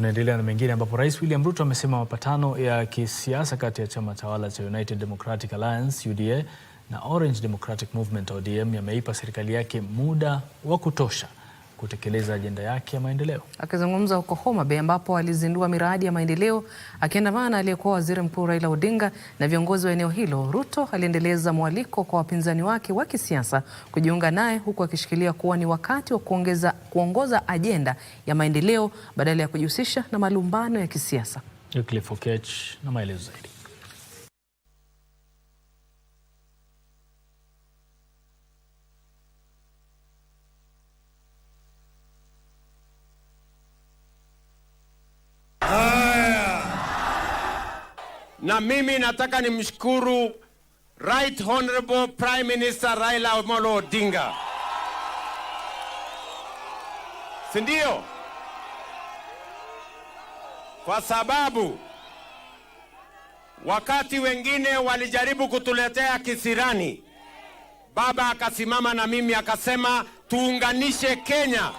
Tunaendelea na mengine ambapo Rais William Ruto amesema mapatano ya kisiasa kati ya chama tawala cha United Democratic Alliance UDA na Orange Democratic Movement ODM yameipa serikali yake muda wa kutosha kutekeleza ajenda yake ya maendeleo. Akizungumza huko Homa Bay ambapo alizindua miradi ya maendeleo akiandamana aliyekuwa waziri mkuu Raila Odinga na viongozi wa eneo hilo, Ruto aliendeleza mwaliko kwa wapinzani wake wa kisiasa kujiunga naye, huku akishikilia kuwa ni wakati wa kuongeza, kuongoza ajenda ya maendeleo badala ya kujihusisha na malumbano ya kisiasa. Cliff Okech na maelezo zaidi. Na mimi nataka nimshukuru Right Honorable Prime Minister Raila Amolo Odinga, si ndio? Kwa sababu wakati wengine walijaribu kutuletea kisirani, baba akasimama na mimi akasema tuunganishe Kenya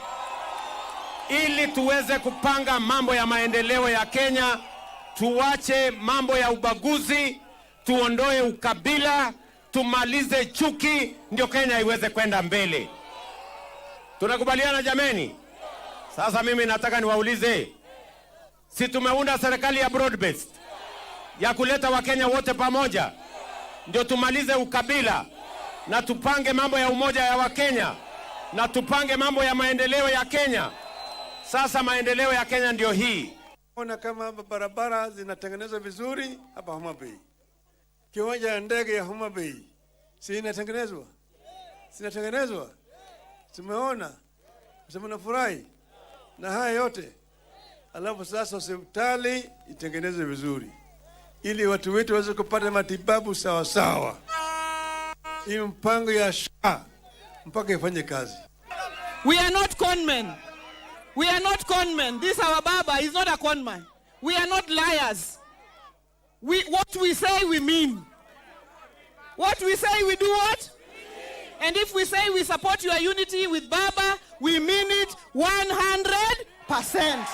ili tuweze kupanga mambo ya maendeleo ya Kenya tuwache mambo ya ubaguzi, tuondoe ukabila, tumalize chuki, ndio Kenya iweze kwenda mbele. Tunakubaliana jameni? Sasa mimi nataka niwaulize, si tumeunda serikali ya broad based ya kuleta wakenya wote pamoja, ndio tumalize ukabila na tupange mambo ya umoja ya wakenya na tupange mambo ya maendeleo ya Kenya. Sasa maendeleo ya Kenya ndio hii. Ona kama hapa barabara zinatengenezwa vizuri hapa Homa Bay. Kiwanja ya ndege ya Homa Bay. Si inatengenezwa? Sinatengenezwa? Tumeona. Sema furahi Na haya yote. Alafu sasa hospitali itengenezwe vizuri ili watu wetu waweze kupata matibabu sawa sawa. Hii mpango ya SHA mpaka ifanye kazi. We are not conmen. We are not con men. This our Baba is not a con man. We are not liars. We, what we say, we mean. What we say, we do what? and if we say we support your unity with Baba, we mean it 100%.